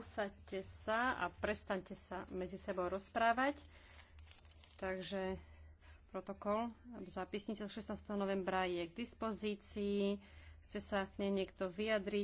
usaďte sa a prestaňte sa medzi sebou rozprávať. Takže protokol zápisnice 16. novembra je k dispozícii. Chce sa k nej niekto vyjadriť?